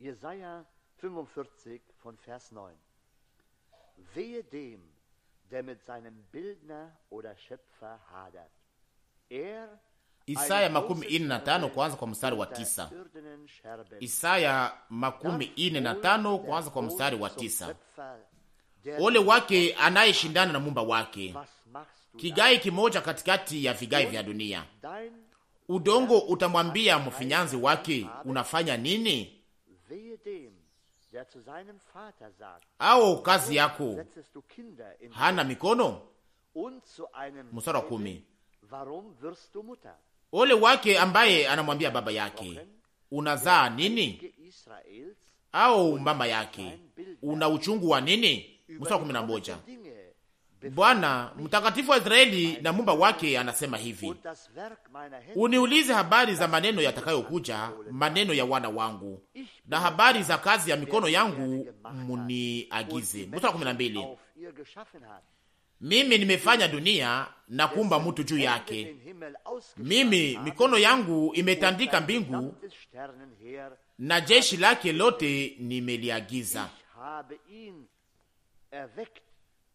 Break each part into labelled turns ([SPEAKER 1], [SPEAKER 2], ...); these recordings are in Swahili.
[SPEAKER 1] Jesaja 45 von Vers 9. Wehe dem, der mit seinem Bildner oder Schöpfer hadert. Er Isaya makumi ine na tano kuanza kwa mstari wa tisa.
[SPEAKER 2] Isaya makumi ine na tano kuanza kwa mstari wa tisa. Ole wake anayeshindana na mumba wake, kigai kimoja katikati ya vigai vya dunia. Udongo utamwambia mfinyanzi wake, unafanya nini?
[SPEAKER 1] au kazi yako hana mikono? Mstari wa kumi.
[SPEAKER 2] Ole wake ambaye anamwambia baba yake unazaa nini, au mama yake una uchungu wa nini? Mstari wa kumi na moja. Bwana mtakatifu wa Israeli na mumba wake anasema hivi, uniulize habari za maneno yatakayokuja, maneno ya wana wangu na habari za kazi ya mikono yangu muniagize. Mstari kumi na mbili, mimi nimefanya dunia na kuumba mtu juu yake, mimi mikono yangu imetandika mbingu na jeshi lake lote nimeliagiza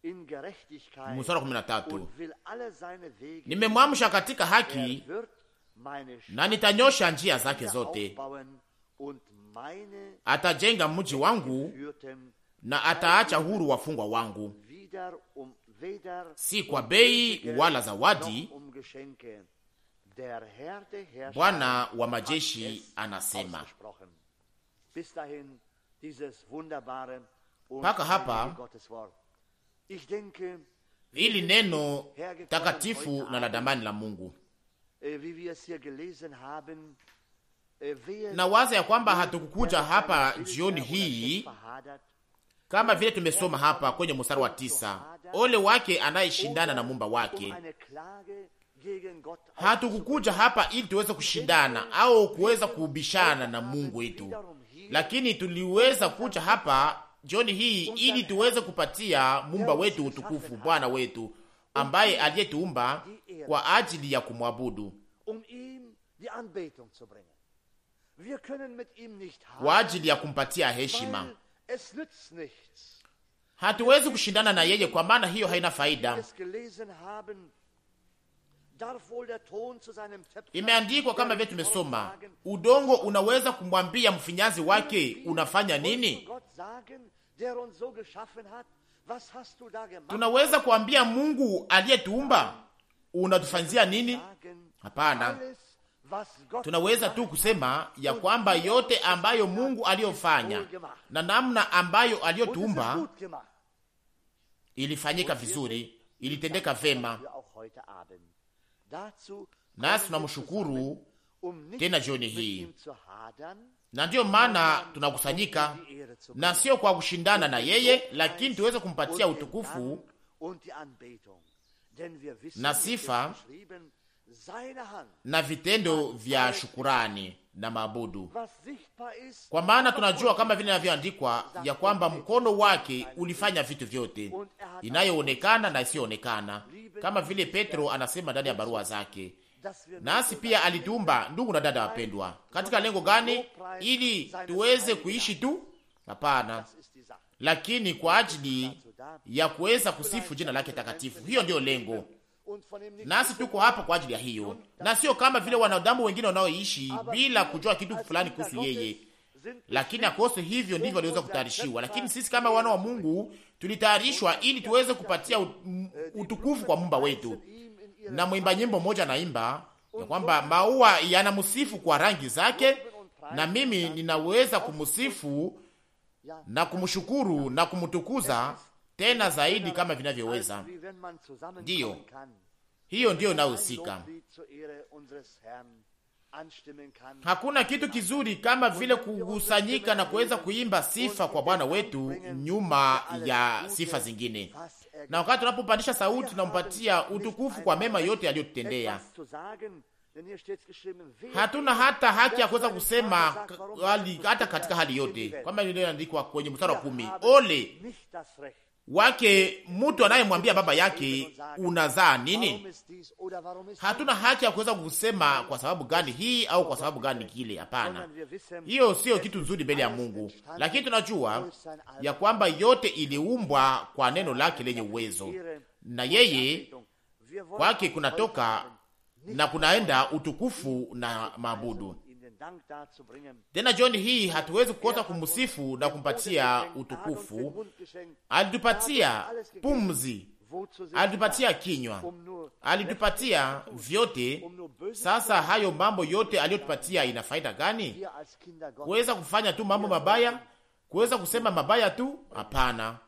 [SPEAKER 1] Mstari 13, nimemwamsha katika haki er na
[SPEAKER 2] nitanyosha njia zake zote,
[SPEAKER 1] atajenga
[SPEAKER 2] mji wangu
[SPEAKER 1] na ataacha huru
[SPEAKER 2] wafungwa wangu,
[SPEAKER 1] um, si kwa bei wala zawadi. Um Bwana
[SPEAKER 2] wa majeshi anasema.
[SPEAKER 1] Mpaka hapa Hili neno takatifu
[SPEAKER 2] na la damani la Mungu
[SPEAKER 1] eh, eh, na waza ya
[SPEAKER 2] kwamba hatukukuja hapa jioni hii kama vile tumesoma hapa kwenye mstari wa tisa, um ole wake anayeshindana na mumba um wake. Hatukukuja hapa ili tuweze kushindana au kuweza kubishana na Mungu wetu, lakini tuliweza kuja hapa jioni hii ili tuweze kupatia mumba wetu utukufu, Bwana wetu um ambaye aliyetuumba kwa ajili ya kumwabudu,
[SPEAKER 1] um kwa ajili ya
[SPEAKER 2] kumpatia heshima. Hatuwezi kushindana na yeye, kwa maana hiyo haina faida. Imeandikwa kama vile tumesoma, udongo unaweza kumwambia mfinyanzi wake unafanya nini? Tunaweza kuambia Mungu aliyetuumba unatufanyia nini?
[SPEAKER 1] Hapana, tunaweza tu
[SPEAKER 2] kusema ya kwamba yote er ambayo Mungu aliyofanya na namna ambayo aliyotuumba ilifanyika vizuri, ilitendeka vema nasi tunamshukuru
[SPEAKER 1] um tena jioni
[SPEAKER 2] hii, na ndiyo maana tunakusanyika um na sio kwa kushindana na um yeye, lakini tuweze kumpatia utukufu
[SPEAKER 1] na sifa
[SPEAKER 2] na vitendo vya shukurani na maabudu, kwa maana tunajua kama vile inavyoandikwa ya kwamba mkono wake ulifanya vitu vyote, er inayoonekana na isiyoonekana, kama vile Petro anasema ndani ya barua zake. Nasi pia alituumba, ndugu na dada wapendwa. Katika lengo gani? Ili tuweze kuishi tu? Hapana, lakini kwa ajili ya kuweza kusifu jina lake takatifu. Hiyo ndiyo lengo nasi tuko hapa kwa ajili ya hiyo, na sio kama vile wanadamu wengine wanaoishi bila kujua kitu fulani kuhusu yeye, lakini akose hivyo ndivyo aliweza kutayarishiwa. Lakini sisi kama wana wa Mungu tulitayarishwa ili tuweze kupatia äh, utukufu kwa mumba wetu. Na mwimba nyimbo moja naimba ya kwamba maua yanamsifu kwa rangi zake, na mimi ninaweza kumsifu na kumshukuru na kumtukuza tena zaidi kama vinavyoweza. Ndiyo, hiyo ndiyo inayohusika. Hakuna kitu kizuri kama vile kukusanyika na kuweza kuimba sifa kwa Bwana wetu nyuma ya sifa zingine, na wakati tunapopandisha sauti tunampatia utukufu kwa mema yote aliyotutendea.
[SPEAKER 1] Hatuna hata haki ya kuweza kusema hali,
[SPEAKER 2] hata katika hali yote, kama ilivyoandikwa kwenye mstari wa kumi, ole wake mtu anayemwambia baba yake unazaa nini? Hatuna haki ya kuweza kusema kwa sababu gani hii au kwa sababu gani kile. Hapana, hiyo siyo kitu nzuri mbele ya Mungu. Lakini tunajua ya kwamba yote iliumbwa kwa neno lake lenye uwezo, na yeye
[SPEAKER 3] kwake kunatoka
[SPEAKER 2] na kunaenda utukufu na maabudu. Tena jioni hii hatuwezi kukosa kumsifu na kumpatia utukufu. Alitupatia pumzi, alitupatia kinywa, alitupatia vyote. Sasa hayo mambo yote aliyotupatia ina faida gani? Kuweza kufanya tu mambo mabaya, kuweza kusema mabaya tu? Hapana,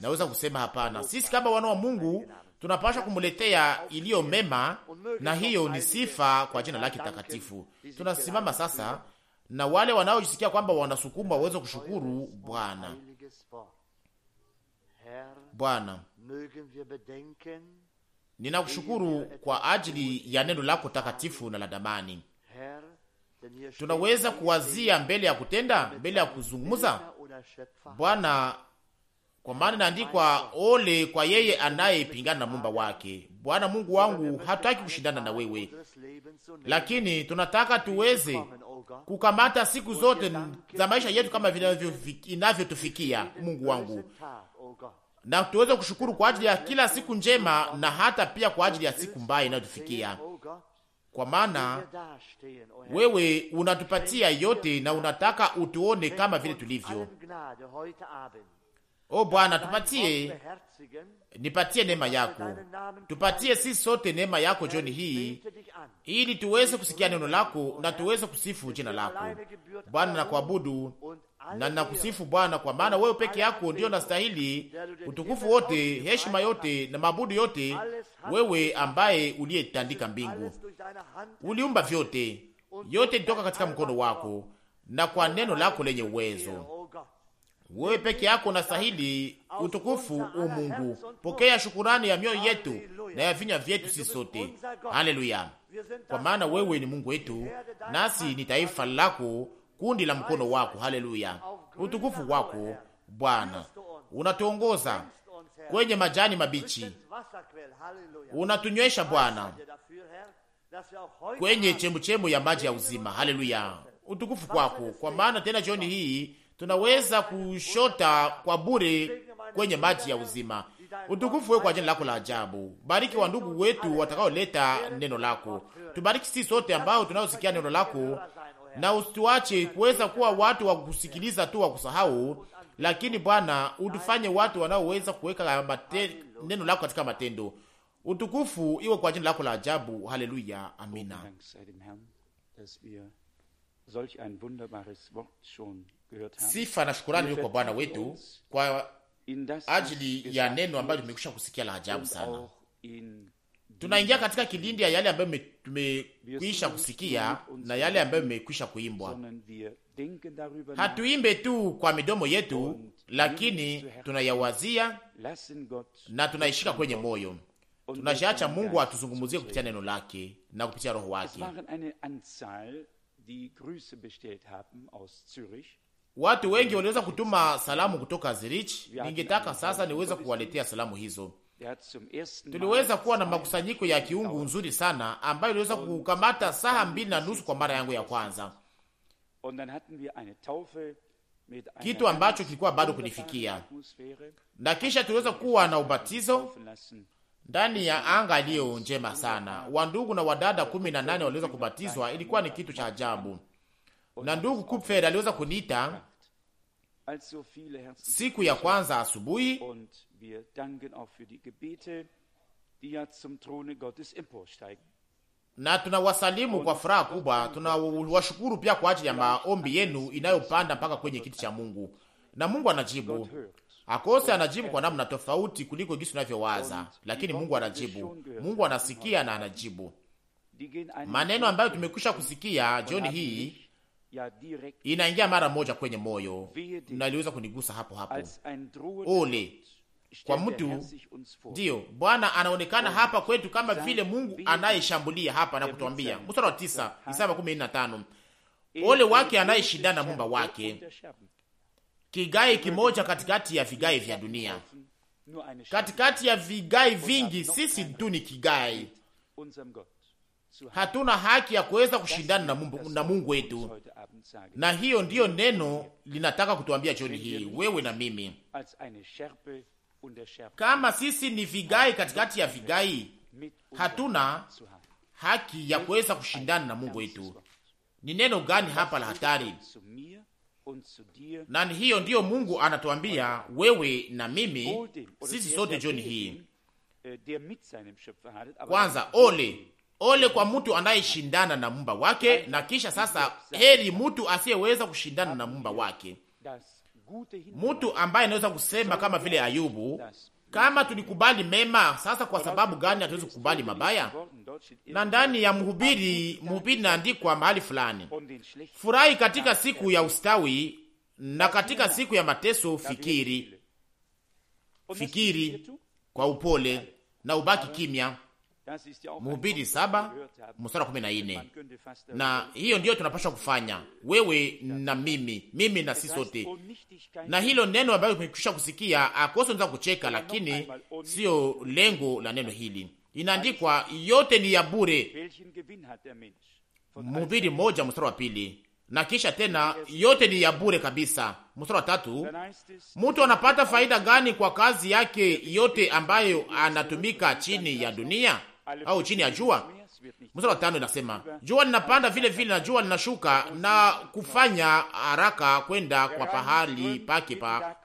[SPEAKER 2] naweza kusema hapana. Sisi kama wana wa Mungu tunapasha kumuletea iliyo mema, na hiyo ni sifa kwa jina lake takatifu. Tunasimama sasa na wale wanaojisikia kwamba wanasukumwa waweze kushukuru Bwana. Bwana, ninakushukuru kwa ajili ya neno lako takatifu na la damani. Tunaweza kuwazia mbele ya kutenda, mbele ya kuzungumza. Bwana, kwa maana inaandikwa, ole kwa yeye anayepingana na mumba wake. Bwana Mungu wangu, hatutaki kushindana na wewe, lakini tunataka tuweze kukamata siku zote za maisha yetu kama inavyotufikia, Mungu wangu, na tuweze kushukuru kwa ajili ya kila siku njema na hata pia kwa ajili ya siku mbaya inayotufikia, kwa maana wewe unatupatia yote na unataka utuone kama vile tulivyo. O Bwana, tupatie nipatie neema yako, tupatie sisi sote neema yako jioni hii, ili tuweze kusikia neno lako na tuweze kusifu jina lako Bwana na kuabudu na nakusifu Bwana, kwa maana wewe peke yako ndiyo nastahili utukufu wote, heshima yote na mabudu yote. Wewe ambaye uliyetandika mbingu, uliumba vyote, yote kutoka katika mkono wako na kwa neno lako lenye uwezo wewe peke yako unastahili utukufu, u Mungu. Pokea shukurani ya mioyo yetu na ya vinywa vyetu sisi sote. Haleluya! Kwa maana wewe ni Mungu wetu, nasi ni taifa lako, kundi la mkono wako. Haleluya! Utukufu wako Bwana, unatuongoza kwenye majani mabichi,
[SPEAKER 3] unatunywesha Bwana
[SPEAKER 2] kwenye chembuchembu ya maji ya uzima. Haleluya! Utukufu kwako, kwa maana tena jioni hii tunaweza kushota kwa bure kwenye maji ya uzima. Utukufu wewe kwa jina lako la ajabu. Bariki wa ndugu wetu watakaoleta neno lako, tubariki sisi sote ambao tunaosikia neno lako, na usituache kuweza kuwa watu wa kusikiliza tu wa kusahau, lakini Bwana utufanye watu wanaoweza kuweka neno lako katika matendo. Utukufu iwe kwa jina lako la ajabu. Haleluya,
[SPEAKER 4] amina. Sifa na shukurani kwa Bwana wetu
[SPEAKER 2] kwa ajili ya neno ambayo tumekwisha kusikia la ajabu sana. Tunaingia katika kilindi ya yale ambayo tumekwisha kusikia na yale ambayo imekwisha kuimbwa. Hatuimbe tu kwa midomo yetu, lakini tunayawazia na tunaishika kwenye moyo. Tunashaacha Mungu atuzungumuzie kupitia neno lake na kupitia Roho wake. Watu wengi waliweza kutuma salamu kutoka Zurich. Ningetaka sasa niweze kuwaletea salamu hizo. Tuliweza kuwa na makusanyiko ya kiungu nzuri sana ambayo iliweza kukamata saa mbili na nusu kwa mara yangu ya kwanza, kitu ambacho kilikuwa bado kunifikia, na kisha tuliweza kuwa na ubatizo ndani ya anga iliyo njema sana. Wandugu na wadada kumi na nane waliweza kubatizwa, ilikuwa ni kitu cha ajabu na ndugu Kupfer aliweza kuniita
[SPEAKER 4] siku ya kwanza asubuhi na
[SPEAKER 2] tunawasalimu kwa furaha kubwa. Tunawashukuru pia kwa ajili ya maombi yenu inayopanda mpaka kwenye kiti cha Mungu, na Mungu anajibu akose, anajibu kwa namna tofauti kuliko jinsi tunavyowaza, lakini Mungu anajibu, Mungu anasikia na anajibu maneno ambayo tumekwisha kusikia jioni hii inaingia mara moja kwenye moyo na iliweza kunigusa hapo hapo. Ole kwa mtu ndiyo, Bwana anaonekana hapa kwetu kama vile Mungu anayeshambulia hapa na kutuambia, mstari wa tisa, Isaya makumi na tano, ole wake anayeshindana mumba wake, kigae kimoja katikati ya vigae vya dunia. Katikati ya vigae vingi, sisi tu ni kigae hatuna haki ya kuweza kushindana na Mungu, na Mungu wetu, na hiyo ndiyo neno linataka kutuambia jioni hii, wewe na mimi, kama sisi ni vigai katikati ya vigai,
[SPEAKER 4] hatuna
[SPEAKER 2] haki ya kuweza kushindana na Mungu wetu. Ni neno gani hapa la hatari? Na hiyo ndiyo Mungu anatuambia wewe na mimi, sisi sote jioni hii. Kwanza ole Ole kwa mtu anayeshindana na mumba wake, na kisha sasa, heri mtu asiyeweza kushindana na mumba wake, mtu ambaye anaweza kusema kama vile Ayubu, kama tulikubali mema, sasa kwa sababu gani hatuwezi kukubali mabaya? Na ndani ya mhubiri, mhubiri naandikwa mahali fulani, furahi katika siku ya ustawi na katika siku ya mateso fikiri,
[SPEAKER 4] fikiri
[SPEAKER 2] kwa upole na ubaki kimya Mhubiri saba mstari wa kumi na nne. Na hiyo ndiyo tunapashwa kufanya wewe na mimi, mimi na sisi sote. Na hilo neno ambayo umekwisha kusikia, ah, akoso nza kucheka, lakini siyo lengo la neno hili. Inaandikwa yote ni ya bure, er Mhubiri moja mstari wa pili. Na kisha tena yote ni ya bure kabisa, mstari wa tatu. Mtu anapata faida gani kwa kazi yake yote ambayo anatumika chini ya dunia? au chini ya jua. Mstari wa tano inasema jua linapanda vile vile na jua linashuka na kufanya haraka kwenda kwa pahali pake pa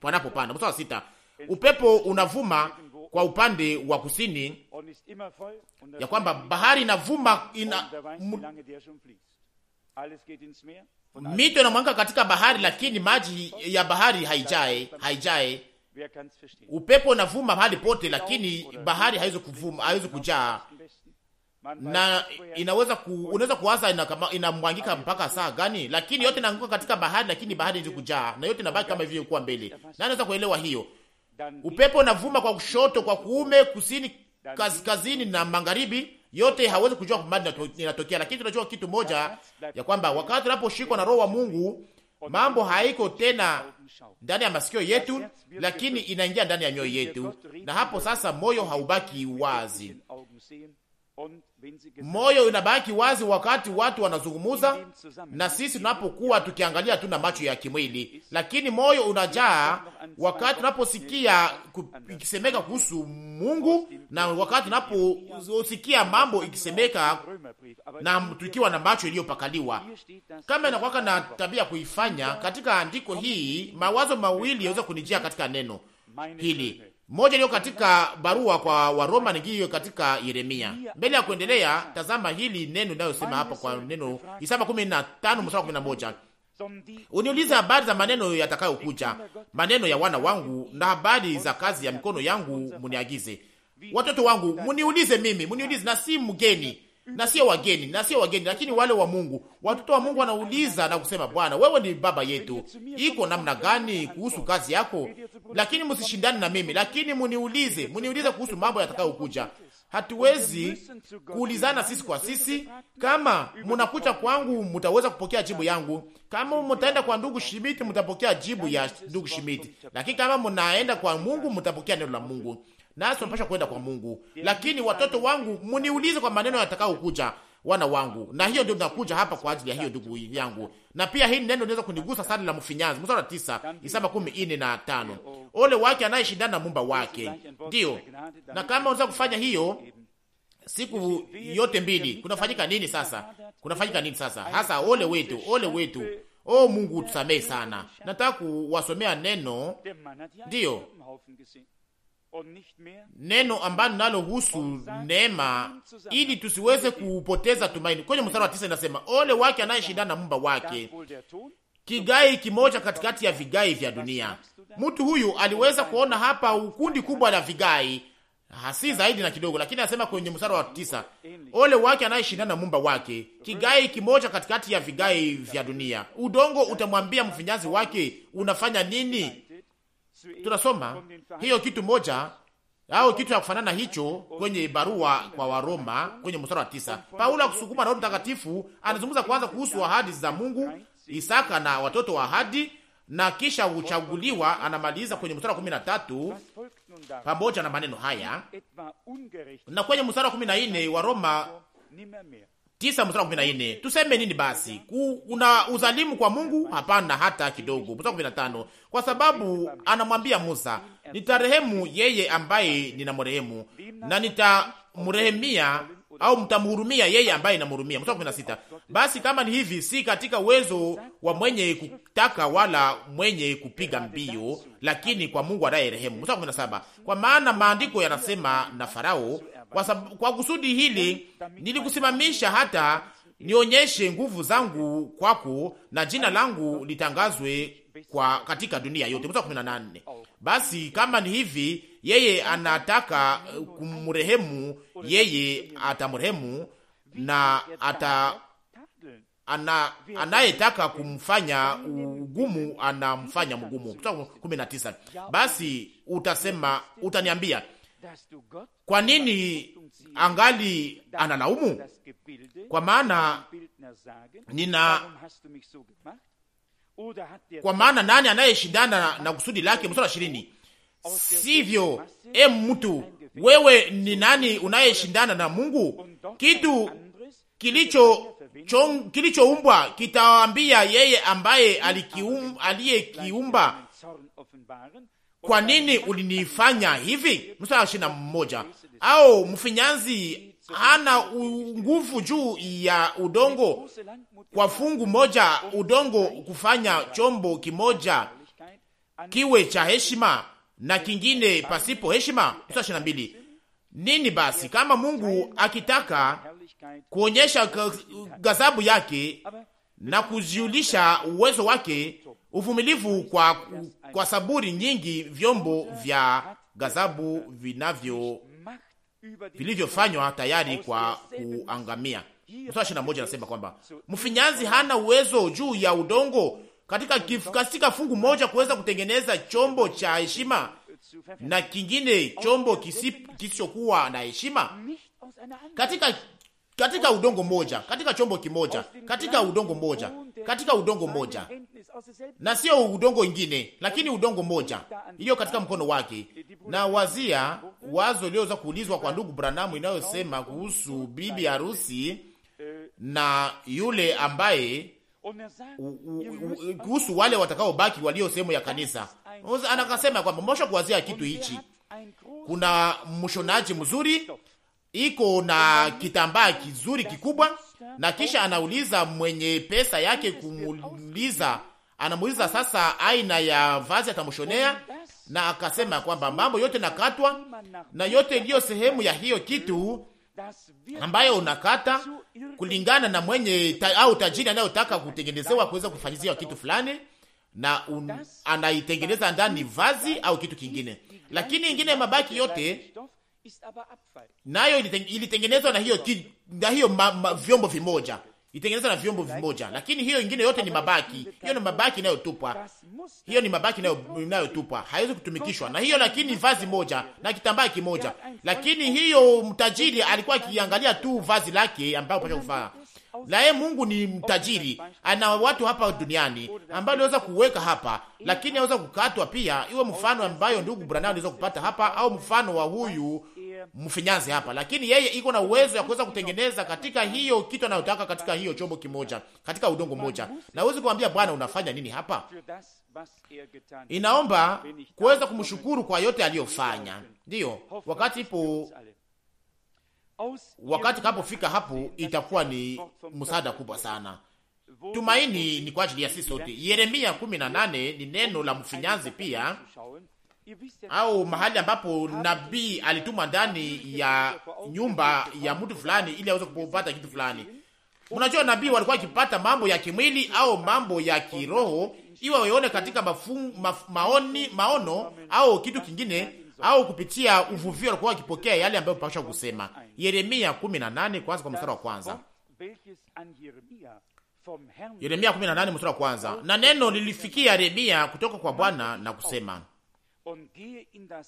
[SPEAKER 2] panapopanda. Mstari wa sita upepo unavuma kwa upande wa kusini,
[SPEAKER 4] ya kwamba bahari inavuma ina,
[SPEAKER 2] mito inamwanga katika bahari, lakini maji ya bahari haijae haijae Upepo unavuma mahali pote, lakini bahari haiwezi kuvuma, haiwezi kujaa, na inaweza ku, unaweza kuwaza inamwangika ina mpaka saa gani, lakini yote inaanguka katika bahari, lakini bahari ndio kujaa, na yote inabaki kama hivyo ilikuwa mbele. Nani anaweza kuelewa hiyo? Upepo unavuma kwa kushoto, kwa kuume, kusini, kaskazini na magharibi yote hawezi kujua kwa mbali inatokea, lakini tunajua kitu moja ya kwamba wakati unaposhikwa na roho wa Mungu Mambo haiko tena ndani ya masikio yetu, lakini inaingia ndani ya nyoyo yetu, na hapo sasa moyo haubaki wazi moyo inabaki wazi wakati watu wanazungumuza na sisi tunapokuwa tukiangalia tu na macho ya kimwili, lakini moyo unajaa wakati unaposikia ikisemeka kuhusu Mungu na wakati unaposikia mambo ikisemeka na tukiwa na macho iliyopakaliwa, kama inakwaka na tabia kuifanya. Katika andiko hii mawazo mawili yaweza kunijia katika neno hili moja iliyo katika barua kwa Waroma, nyingine katika Yeremia. Mbele ya kuendelea, tazama hili neno inayosema hapa kwa neno Isaya 15 mstari 11, uniulize habari za maneno yatakayokuja, maneno ya wana wangu na habari za kazi ya mikono yangu, muniagize watoto wangu, muniulize mimi, muniulize na si mgeni Mm-hmm. na sio wageni, na sio wageni, lakini wale wa Mungu, watoto wa Mungu wanauliza na kusema, Bwana, wewe ni baba yetu, iko namna gani kuhusu kazi yako? Lakini msishindane na mimi, lakini muniulize, muniulize kuhusu mambo yatakayokuja. Hatuwezi kuulizana sisi kwa sisi. Kama mnakuja kwangu, mtaweza kupokea jibu yangu. Kama mtaenda kwa ndugu Shimiti, mtapokea jibu ya ndugu Shimiti, lakini kama mnaenda kwa Mungu, mtapokea neno la Mungu nasi tunapasha kwenda kwa Mungu. Lakini watoto wangu, muniulize kwa maneno yatakao kuja wana wangu, na hiyo ndio nakuja hapa kwa ajili ya hiyo ndugu yangu. Na pia hii neno linaweza kunigusa sana la mfinyanzi mstari tisa Isaya kumi ine na tano oh. ole wake anayeshindana na mumba wake. Ndiyo, na kama unaweza kufanya hiyo siku yote mbili, kunafanyika nini sasa? Kunafanyika nini sasa? Hasa ole wetu, ole wetu. O Mungu, tusamehe sana. Nataka kuwasomea neno, ndiyo neno ambalo nalohusu neema, ili tusiweze kupoteza tumaini. Kwenye mstari wa tisa inasema, ole wake anayeshindana na mumba wake, kigai kimoja katikati ya vigai vya dunia. Mtu huyu aliweza kuona hapa ukundi kubwa la vigai hasi zaidi na kidogo, lakini anasema kwenye mstari wa tisa, ole wake anayeshindana na mumba wake, kigai kimoja katikati ya vigai vya dunia. Udongo utamwambia mfinyazi wake, unafanya nini? tunasoma hiyo kitu moja au kitu ya kufanana hicho kwenye barua kwa Waroma kwenye mstari wa tisa. Paulo akusukuma na Roho Mtakatifu anazungumza kwanza kuhusu ahadi za Mungu, Isaka na watoto wa ahadi, na kisha uchaguliwa, anamaliza kwenye mstari wa kumi na tatu pamoja na maneno haya, na kwenye mstari wa kumi na nne wa Roma tisa mstari kumi na nne tuseme nini basi? una uzalimu kwa Mungu? Hapana, hata kidogo. Mstari kumi na tano kwa sababu anamwambia Musa, nitarehemu yeye ambaye ninamrehemu na nitamrehemia au mtamhurumia yeye ambaye namhurumia. Mstari kumi na sita basi kama ni hivi, si katika uwezo wa mwenye kutaka wala mwenye kupiga mbio, lakini kwa Mungu anaye rehemu. Mstari kumi na saba kwa maana maandiko yanasema na Farao kwa sab... kwa kusudi hili nilikusimamisha hata nionyeshe nguvu zangu kwako na jina langu litangazwe kwa katika dunia yote. Mstari kumi na nane. Basi kama ni hivi, yeye anataka eh, kumrehemu, yeye atamrehemu na ata ana anayetaka kumfanya ugumu anamfanya mgumu. Mstari kumi na tisa. Basi utasema utaniambia
[SPEAKER 4] kwa nini angali analaumu? Kwa maana nina kwa maana
[SPEAKER 2] nani anayeshindana na kusudi lake? Mstari wa ishirini, sivyo? E mtu wewe, ni nani unayeshindana na Mungu? Kitu kilicho kilichoumbwa kitawaambia yeye ambaye aliyekiumba, kwa nini ulinifanya hivi? Mstari wa ishirini na moja au mfinyanzi hana nguvu juu ya udongo, kwa fungu moja udongo kufanya chombo kimoja kiwe cha heshima na kingine pasipo heshima. ishirini na mbili. Nini basi kama Mungu akitaka kuonyesha ghadhabu yake na kujiulisha uwezo wake, uvumilivu kwa, kwa saburi nyingi, vyombo vya ghadhabu vinavyo vilivyofanywa tayari kwa kuangamia. Mstari ishirini na moja anasema kwamba mfinyanzi hana uwezo juu ya udongo katika, kif, katika fungu moja kuweza kutengeneza chombo cha heshima na kingine chombo kisichokuwa na heshima katika katika udongo moja, katika chombo kimoja, katika udongo moja, katika udongo moja, na sio udongo ingine, lakini udongo moja iliyo katika mkono wake. Na wazia wazo iliyoweza kuulizwa kwa ndugu Branamu inayosema kuhusu bibi harusi na yule ambaye kuhusu wale watakaobaki walio sehemu ya kanisa, anakasema kwamba mosha kuwazia kitu hichi. Kuna mshonaji mzuri iko na kitambaa kizuri kikubwa, na kisha anauliza mwenye pesa yake kumuuliza, anamuuliza sasa aina ya vazi atamshonea na akasema kwamba mambo yote nakatwa na yote iliyo sehemu ya hiyo kitu ambayo unakata kulingana na mwenye ta, au tajiri anayotaka kutengenezewa kuweza kufanyiziwa kitu fulani na un, anaitengeneza ndani vazi au kitu kingine, lakini ingine mabaki yote nayo ilitengenezwa na hiyo, na hiyo ma, ma, vyombo vimoja itengeneza na vyombo vimoja, lakini hiyo ingine yote ni mabaki. Hiyo ni mabaki inayotupwa, hiyo ni mabaki inayotupwa, haiwezi kutumikishwa na hiyo, lakini vazi moja na kitambaa kimoja. Lakini hiyo mtajiri alikuwa akiangalia tu vazi lake ambayo pasha kuvaa na naye Mungu ni mtajiri, ana watu hapa duniani ambao aliweza kuweka hapa, lakini aweza kukatwa pia, iwe mfano ambayo ndugu Branham aliweza kupata hapa, au mfano wa huyu mfinyanzi hapa, lakini yeye iko na uwezo ya kuweza kutengeneza katika hiyo kitu anayotaka katika hiyo chombo kimoja, katika udongo mmoja. Nawezi kumwambia Bwana, unafanya nini hapa? Inaomba kuweza kumshukuru kwa yote aliyofanya. Ndiyo, wakati ipo wakati kapofika hapo, itakuwa ni msaada kubwa sana. Tumaini ni kwa ajili ya sisi sote. Yeremia 18 ni neno la mfinyanzi pia au mahali ambapo nabii alitumwa ndani ya nyumba ya mtu fulani ili aweze kupata kitu fulani. Unajua, nabii walikuwa wakipata mambo ya kimwili au mambo ya kiroho, iwe waone katika mafu, ma, maoni, maono au kitu kingine au kupitia uvuvio, walikuwa wakipokea yale ambayo pasha kusema. Yeremia 18 kwanza, kwa mstari wa kwanza. Yeremia 18 mstari wa kwanza, na neno lilifikia Yeremia kutoka kwa Bwana na kusema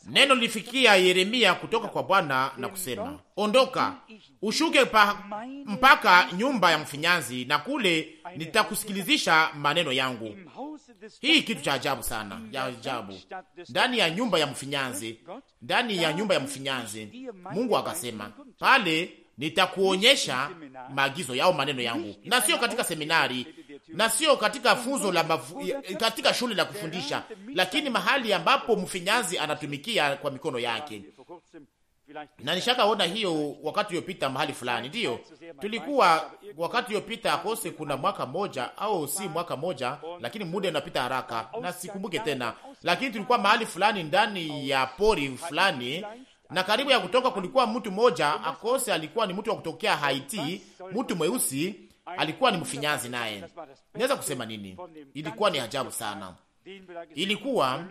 [SPEAKER 2] Neno lilifikia Yeremia kutoka kwa Bwana na kusema, ondoka ushuke pa, mpaka nyumba ya mfinyanzi na kule nitakusikilizisha maneno yangu. Hii kitu cha ajabu sana, ya ajabu, ndani ya nyumba ya mfinyanzi, ndani ya nyumba ya mfinyanzi, Mungu akasema pale nitakuonyesha maagizo yao maneno yangu, na sio katika seminari na sio katika funzo la mafu, katika shule la kufundisha, lakini mahali ambapo mfinyanzi anatumikia kwa mikono yake. Na nishakaona hiyo wakati uliopita mahali fulani, ndio tulikuwa wakati uliopita akose, kuna mwaka moja au si mwaka moja, lakini muda unapita haraka na sikumbuke tena, lakini tulikuwa mahali fulani ndani ya pori fulani na karibu ya kutoka kulikuwa mtu mmoja akose, alikuwa ni mtu wa kutokea Haiti, mtu mweusi alikuwa ni mfinyanzi naye. Naweza kusema nini? Ilikuwa ni ajabu sana,
[SPEAKER 3] ilikuwa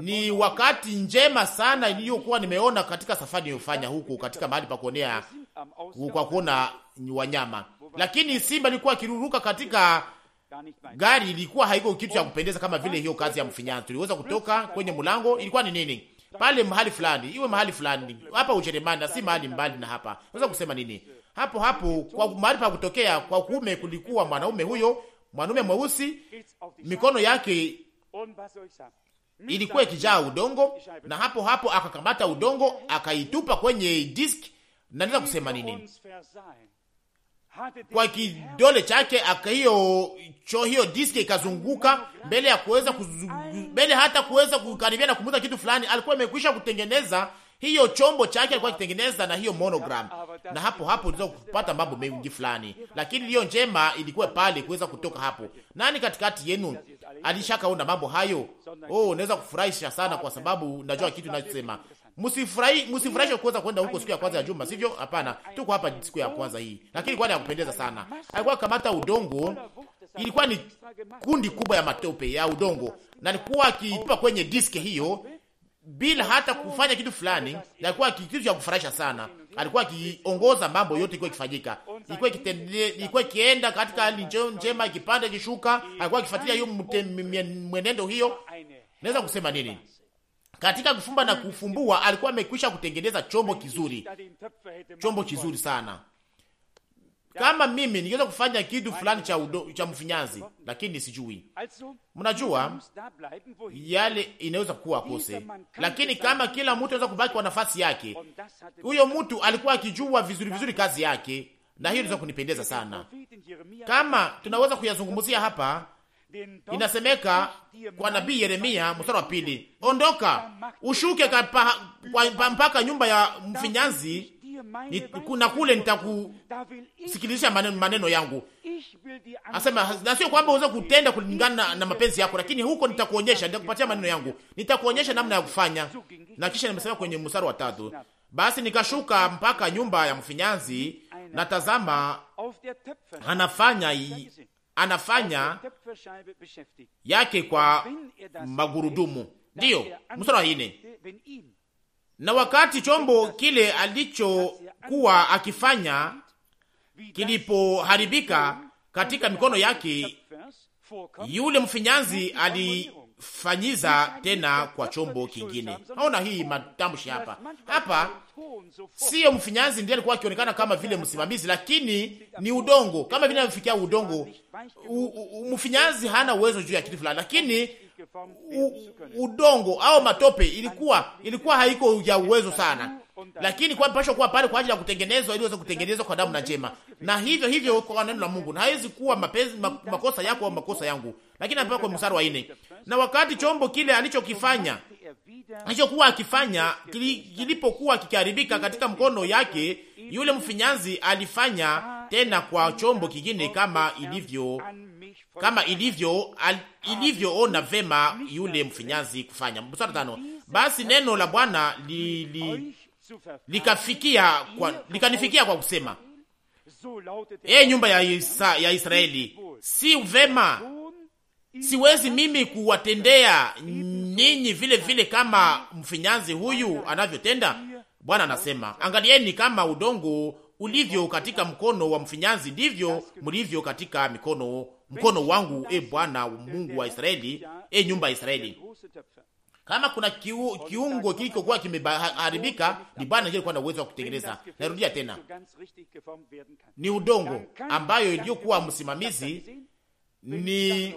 [SPEAKER 2] ni wakati njema sana iliyokuwa nimeona katika safari niliyofanya huku katika mahali pa kuonea kwa kuona wanyama, lakini simba ilikuwa akiruruka katika gari, ilikuwa haiko kitu cha kupendeza kama vile hiyo kazi ya mfinyanzi. Tuliweza kutoka kwenye mlango, ilikuwa ni nini pale mahali fulani, iwe mahali fulani hapa Ujerumani na si mahali mbali na hapa. Naweza kusema nini? hapo hapo kwa mahali pa kutokea kwa kuume kulikuwa mwanaume huyo, mwanaume mweusi, mikono yake
[SPEAKER 4] ilikuwa ikijaa udongo, na
[SPEAKER 2] hapo hapo akakamata udongo akaitupa kwenye disk. Na naweza kusema nini? Kwa kidole chake aka hiyo cho hiyo diski ikazunguka mbele ya kuweza mbele hata kuweza kukaribia na kumuza kitu fulani, alikuwa amekwisha kutengeneza hiyo chombo chake, alikuwa akitengeneza na hiyo monogram na hapo hapo ndio kupata mambo mengi fulani, lakini iliyo njema ilikuwa pale kuweza kutoka hapo. Nani katikati yenu alishakaona mambo hayo? Oh, naweza kufurahisha sana, kwa sababu najua kitu ninachosema. Msifurahi, msifurahishe kuweza kwenda huko siku ya kwanza ya juma, sivyo? Hapana, tuko hapa siku ya kwanza hii, lakini kwani yakupendeza sana. Alikuwa kamata udongo, ilikuwa ni kundi kubwa ya matope ya udongo, na alikuwa akitupa kwenye diski hiyo bila hata kufanya kitu fulani, na alikuwa kitu cha kufurahisha sana alikuwa akiongoza mambo yote, ilikuwa ikifanyika, ilikuwa ilikuwa ikienda katika hali njema, ikipanda, ikishuka, alikuwa akifuatilia hiyo mwenendo hiyo. Naweza kusema nini? Katika kufumba na kufumbua, alikuwa amekwisha kutengeneza chombo kizuri, chombo kizuri sana kama mimi ningeweza kufanya kitu fulani cha udo, cha mfinyanzi, lakini sijui. Mnajua yale inaweza kuwa kose, lakini kama kila mtu anaweza kubaki kwa nafasi yake,
[SPEAKER 4] er
[SPEAKER 2] huyo mtu alikuwa akijua vizuri vizuri kazi yake, na hiyo inaweza kunipendeza sana. Kama tunaweza kuyazungumzia hapa, inasemeka kwa nabii Yeremia mstari wa pili, ondoka er ushuke mpaka nyumba ya mfinyanzi na kule
[SPEAKER 4] nitakusikilizisha
[SPEAKER 2] maneno, maneno yangu. Asema na sio kwamba uweze kutenda kulingana na mapenzi yako, lakini huko nitakuonyesha, nitakupatia maneno yangu, nitakuonyesha namna ya kufanya. Na kisha nimesema kwenye mstari wa tatu, basi nikashuka mpaka nyumba ya mfinyanzi, na tazama, anafanya anafanya yake kwa magurudumu. Ndiyo, mstari wa nne na wakati chombo kile alichokuwa akifanya kilipoharibika katika mikono yake, yule mfinyanzi alifanyiza tena kwa chombo kingine. Naona hii matamshi hapa hapa, siyo mfinyanzi ndiye alikuwa akionekana kama vile msimamizi, lakini ni udongo, kama vile anafikia udongo. Mfinyanzi hana uwezo juu ya kitu fulani, lakini udongo au matope, ilikuwa ilikuwa haiko ya uwezo sana, lakini kwa pasha kuwa pale kwa ajili ya kutengenezwa, ili iweze kutengenezwa kwa damu na jema, na hivyo hivyo kwa neno la Mungu, na haizi kuwa mapenzi makosa yako au makosa yangu. Lakini hapa kwa msari wa 4, na wakati chombo kile alichokifanya alichokuwa akifanya kilipokuwa kikiharibika katika mkono yake, yule mfinyanzi alifanya tena kwa chombo kingine kama ilivyo kama ilivyo al, ilivyoona vema yule mfinyanzi kufanya. Mstari tano, basi neno la Bwana li, li, likafikia kwa likanifikia kwa kusema, e nyumba ya, Isa, ya Israeli, si vema siwezi mimi kuwatendea ninyi vile vile kama mfinyanzi huyu anavyotenda? Bwana anasema, angalieni kama udongo ulivyo katika mkono wa mfinyanzi ndivyo mlivyo katika mikono mkono wangu, e Bwana Mungu wa Israeli, e nyumba ya Israeli. Kama kuna kiu, kiungo kilichokuwa kimeharibika ni Bwana ndiye alikuwa na uwezo wa kutengeneza. Narudia tena, ni udongo ambayo iliyokuwa msimamizi ni,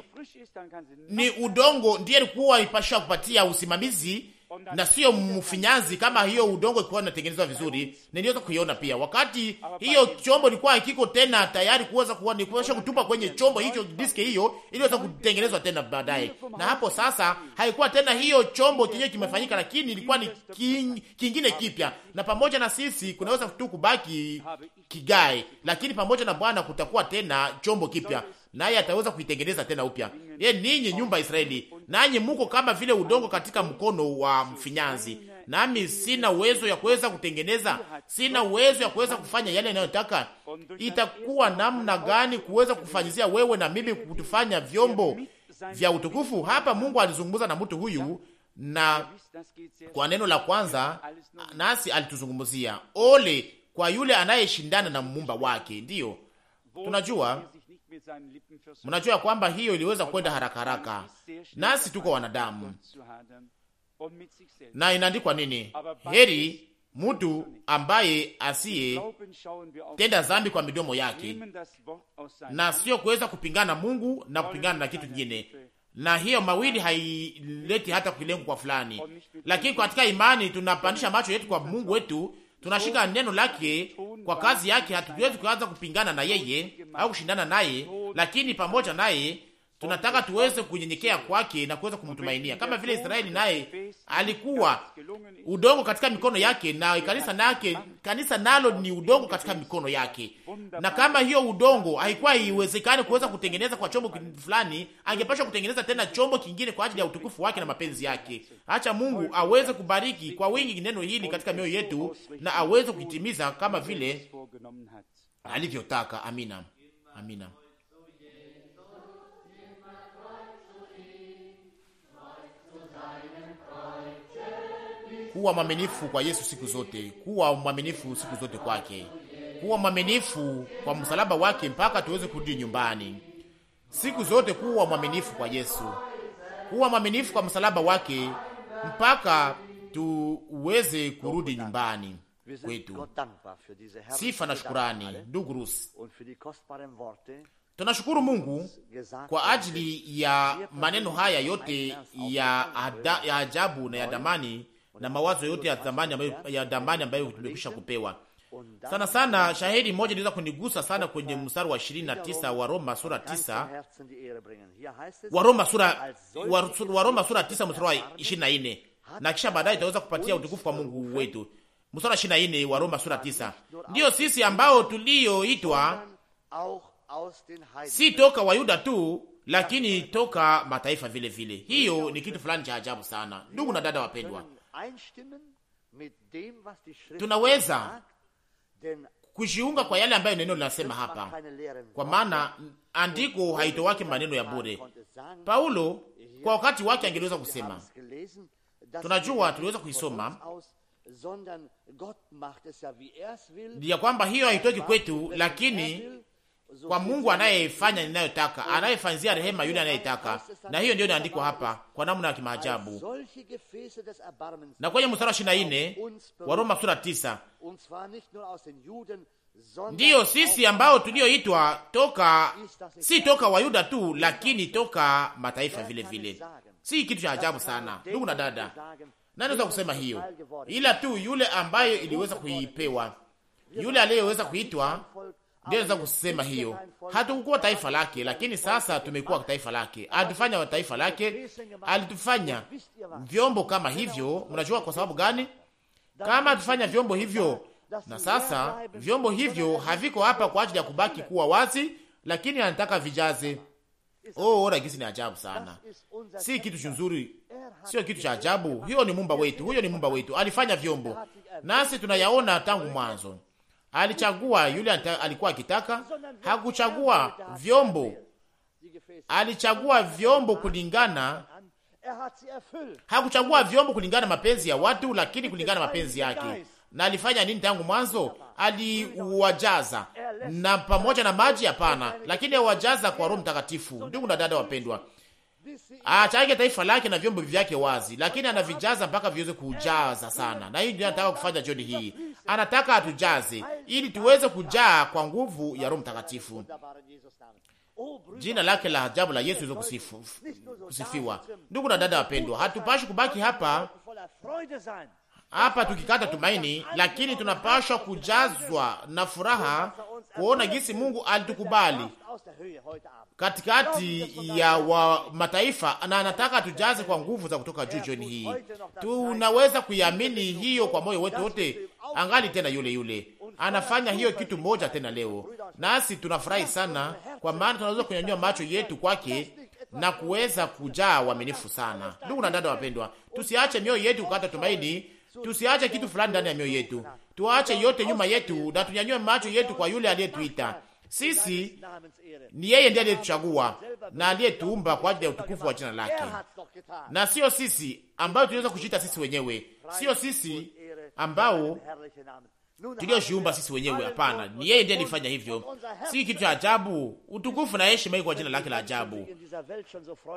[SPEAKER 2] ni udongo ndiye alikuwa ipasha kupatia usimamizi na sio mfinyanzi kama hiyo udongo ilikuwa inatengenezwa vizuri. Niliweza kuiona pia wakati hiyo chombo ilikuwa kiko tena tayari kuweza kuwa ni kutupa kwenye chombo hicho, diski hiyo iliweza kutengenezwa tena baadaye, na hapo sasa haikuwa tena hiyo chombo chenyewe kimefanyika, lakini ilikuwa ni king, kingine kipya. Na pamoja na sisi kunaweza tu kubaki kigae, lakini pamoja na Bwana kutakuwa tena chombo kipya naye ataweza kuitengeneza tena upya. Ye ninyi nyumba ya Israeli, nanyi muko kama vile udongo katika mkono wa mfinyanzi, nami sina uwezo ya kuweza kutengeneza, sina uwezo ya kuweza kufanya yale inayotaka. Itakuwa namna gani kuweza kufanyizia wewe na mimi kutufanya vyombo vya utukufu? Hapa Mungu alizungumza na mtu huyu na kwa neno la kwanza nasi alituzungumzia ole kwa yule anayeshindana na muumba wake. Ndiyo
[SPEAKER 4] tunajua Mnajua
[SPEAKER 2] kwamba hiyo iliweza kwenda haraka haraka, nasi tuko wanadamu,
[SPEAKER 4] na inaandikwa
[SPEAKER 2] nini? Heri mtu ambaye asiye
[SPEAKER 4] tenda zambi kwa midomo yake,
[SPEAKER 2] na sio kuweza kupingana na Mungu na kupingana na kitu kingine, na hiyo mawili haileti hata kilengo kwa fulani, lakini katika imani tunapandisha macho yetu kwa Mungu wetu tunashika neno lake kwa kazi yake. Hatuwezi kuanza kupingana na yeye au kushindana naye, lakini pamoja naye tunataka tuweze kunyenyekea kwake na kuweza kumtumainia, kama vile Israeli naye alikuwa udongo katika mikono yake, na kanisa nake, kanisa nalo ni udongo katika mikono yake. Na kama hiyo udongo haikuwa iwezekani kuweza kutengeneza kwa chombo fulani, angepashwa kutengeneza tena chombo kingine kwa ajili ya utukufu wake na mapenzi yake. Acha Mungu aweze kubariki kwa wingi neno hili katika mioyo yetu na aweze kuitimiza kama vile alivyotaka. Amina, amina. kuwa mwaminifu kwa Yesu siku zote, kuwa mwaminifu siku zote kwake, kuwa mwaminifu kwa msalaba wake mpaka tuweze kurudi nyumbani. Siku zote kuwa mwaminifu kwa Yesu, kuwa mwaminifu kwa msalaba wake mpaka tuweze kurudi nyumbani kwetu.
[SPEAKER 1] Sifa na shukurani, ndugu Rusi.
[SPEAKER 2] Tunashukuru Mungu
[SPEAKER 1] kwa ajili
[SPEAKER 2] ya maneno haya yote ya, ada, ya ajabu na ya damani na mawazo yote ya thamani ambayo ya dhamani ambayo tumekwisha kupewa. Sana sana shahidi moja inaweza kunigusa sana kwenye mstari wa 29 wa Roma sura 9
[SPEAKER 3] wa Roma sura
[SPEAKER 2] wa Roma sura 9 mstari wa 24, na kisha baadaye itaweza kupatia utukufu kwa Mungu wetu. Mstari wa 24 wa Roma sura 9, ndio sisi ambao tulioitwa si toka Wayuda tu lakini toka mataifa vile vile. Hiyo ni kitu fulani cha ajabu sana, ndugu na dada wapendwa
[SPEAKER 1] tunaweza
[SPEAKER 2] kujiunga kwa yale ambayo neno linasema hapa, kwa maana andiko haitowake maneno ya bure. Paulo kwa wakati wake angeliweza kusema,
[SPEAKER 1] tunajua tuliweza kuisoma ya
[SPEAKER 2] kwamba hiyo haitoki kwetu, lakini er kwa Mungu anayefanya ninayotaka, anayefanyizia rehema yule anayetaka, na hiyo ndiyo inaandikwa hapa kwa namna ya kimaajabu. Na kwenye mstari wa ishirini na nne
[SPEAKER 1] wa Roma sura tisa ndiyo
[SPEAKER 2] sisi ambao tulioitwa toka
[SPEAKER 1] si toka Wayuda
[SPEAKER 2] tu, lakini toka mataifa vile vile. Si kitu cha ajabu sana, ndugu na dada, nani weza kusema hiyo, ila tu yule ambayo iliweza kuipewa, yule aliyeweza kuitwa Ndiweza kusema hiyo, hatukukuwa taifa lake, lakini sasa tumekuwa taifa lake. Alitufanya wa taifa lake, alitufanya vyombo kama hivyo. Mnajua kwa sababu gani? Kama tufanya vyombo hivyo, na sasa vyombo hivyo haviko hapa kwa ajili ya kubaki kuwa wazi, lakini anataka vijaze. Oh, ora gisi ni ajabu sana, si kitu chizuri, sio kitu cha ajabu. Hiyo ni mumba wetu, huyo ni mumba wetu, alifanya vyombo, nasi tunayaona tangu mwanzo alichagua yule alikuwa akitaka, hakuchagua vyombo, alichagua vyombo kulingana, hakuchagua vyombo kulingana mapenzi ya watu, lakini kulingana mapenzi yake. Na alifanya nini tangu mwanzo? Aliwajaza na pamoja na maji? Hapana, lakini awajaza kwa Roho Mtakatifu. Ndugu na dada wapendwa, achaweke taifa lake na vyombo vyake wazi, lakini anavijaza mpaka viweze kujaza sana, na hii ndio anataka kufanya jioni hii. Anataka atujaze ili tuweze kujaa kwa nguvu ya Roho Mtakatifu. Jina lake la ajabu la Yesu liweze kusifiwa. Ndugu na dada wapendwa, hatupashi kubaki hapa hapa tukikata tumaini, lakini tunapashwa kujazwa na furaha kuona jinsi Mungu alitukubali katikati ya wa mataifa na anataka tujaze kwa nguvu za kutoka juu. Jioni hii tunaweza kuiamini hiyo kwa moyo wetu wote. Angali tena yule yule anafanya hiyo kitu moja tena leo, nasi tunafurahi sana, kwa maana tunaweza kunyanyua macho yetu kwake na kuweza kujaa uaminifu sana. Ndugu na dada wapendwa, tusiache mioyo yetu kukata tumaini Tusiache kitu fulani ndani ya mioyo yetu, tuache yote nyuma yetu na tunyanyue macho yetu kwa yule aliyetuita sisi. Ni yeye ndiye aliyetuchagua na aliyetuumba kwa ajili ya utukufu wa jina lake, na sio sisi ambao tuliweza kujiita sisi wenyewe, sio sisi ambao
[SPEAKER 3] tulioshiumba sisi
[SPEAKER 2] wenyewe. Hapana, ni yeye ndiye alifanya hivyo. Si kitu cha ajabu. Utukufu na heshima iko kwa jina lake la ajabu.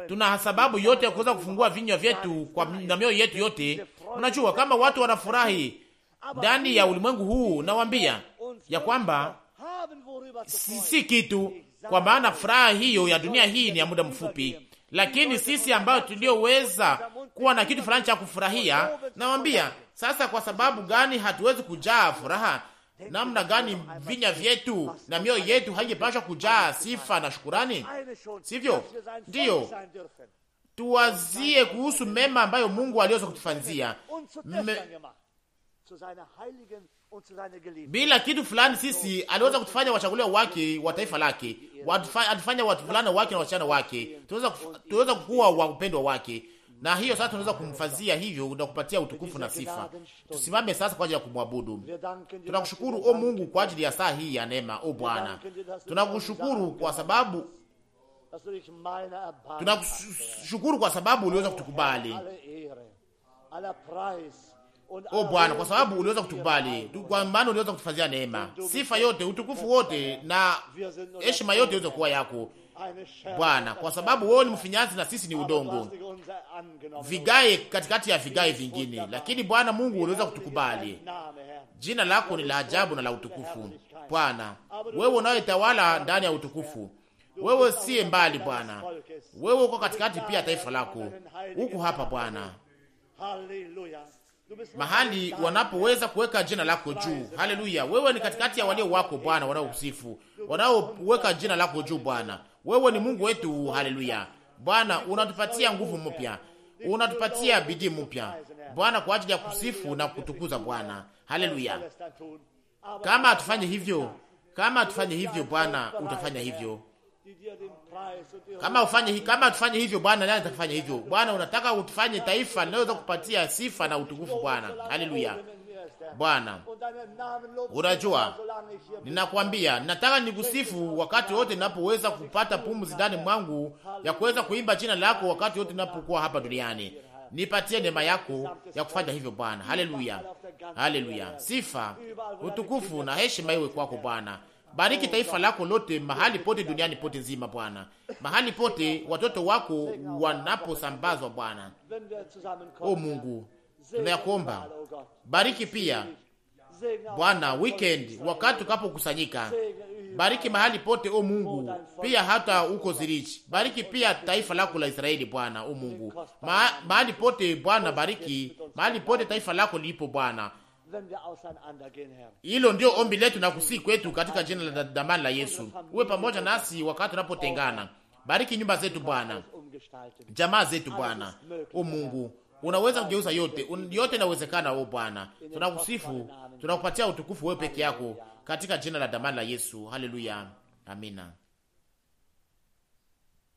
[SPEAKER 2] Tuna sababu yote ya kuweza kufungua vinywa vyetu kwa na mioyo yetu yote Unajua kama watu wanafurahi ndani ya ulimwengu huu, nawaambia ya kwamba si kitu, kwa maana furaha hiyo ya dunia hii ni ya muda mfupi. Lakini sisi ambayo tulioweza kuwa na kitu fulani cha kufurahia, nawaambia sasa, kwa sababu gani hatuwezi kujaa furaha? Namna gani vinya vyetu na mioyo yetu haingepashwa kujaa sifa na shukurani,
[SPEAKER 1] sivyo? Ndiyo,
[SPEAKER 2] tuwazie kuhusu mema ambayo Mungu aliweza kutufanzia bila kitu fulani sisi aliweza kutufanya wachaguliwa wake wa taifa lake, atufanya watu fulani wake na wasichana wake, tuweza kukuwa wa upendo wake, na hiyo sasa tunaweza kumfazia hivyo na kupatia utukufu na sifa. Tusimame sasa kwa ajili ya kumwabudu. Tunakushukuru o Mungu kwa ajili ya saa hii ya neema. O Bwana, tunakushukuru kwa sababu Tunakushukuru kwa sababu uliweza kutukubali,
[SPEAKER 1] o oh, Bwana, kwa sababu
[SPEAKER 2] uliweza kutukubali, kwa maana uliweza kutufanyia neema. Sifa yote, utukufu wote na heshima yote iweze kuwa yako Bwana, kwa sababu wewe ni mfinyanzi na sisi ni udongo, vigae katikati ya vigae vingine. Lakini Bwana Mungu, uliweza kutukubali. Jina lako ni la ajabu na la utukufu Bwana, wewe unayetawala ndani ya utukufu wewe siye mbali Bwana,
[SPEAKER 1] wewe uko katikati pia
[SPEAKER 2] taifa lako uko hapa Bwana, mahali wanapoweza kuweka jina lako juu. Haleluya! Wewe ni katikati ya walio wako Bwana, wanaokusifu wanaoweka jina lako juu Bwana. Wewe ni Mungu wetu. Haleluya Bwana, unatupatia nguvu mpya, unatupatia bidii mpya Bwana, kwa ajili ya kusifu na kutukuza Bwana. Haleluya!
[SPEAKER 3] Kama atufanye
[SPEAKER 2] hivyo, kama atufanye hivyo Bwana, utafanya hivyo kama ufanye kama tufanye hivyo Bwana, nani atakufanya hivyo? Bwana, unataka utufanye taifa linaloweza kupatia sifa na utukufu Bwana. Haleluya. Bwana, unajua ninakwambia, nataka nikusifu wakati wote ninapoweza kupata pumzi ndani mwangu ya kuweza kuimba jina lako wakati wote ninapokuwa hapa duniani. Nipatie neema yako ya kufanya hivyo Bwana. Haleluya. Haleluya. Sifa, utukufu na heshima iwe kwako Bwana. Bariki taifa lako lote mahali pote duniani pote zima, Bwana, mahali pote watoto wako wanaposambazwa, Bwana. O Mungu, tunayakuomba bariki pia
[SPEAKER 1] Bwana weekend
[SPEAKER 2] wakati tukapokusanyika, bariki mahali pote o Mungu, pia hata huko Zurich, bariki pia taifa lako la Israeli Bwana o Mungu, Ma mahali pote Bwana, bariki mahali pote taifa lako lipo Bwana hilo ndio ombi letu na kusii kwetu katika jina la damani la Yesu. Uwe pamoja nasi wakati tunapotengana. Bariki nyumba zetu Bwana, jamaa zetu Bwana. O Mungu, unaweza kugeuza yote, yote inawezekana. O Bwana, tunakusifu, tunakupatia utukufu wewe peke yako, katika jina la damani la Yesu. Haleluya, amina.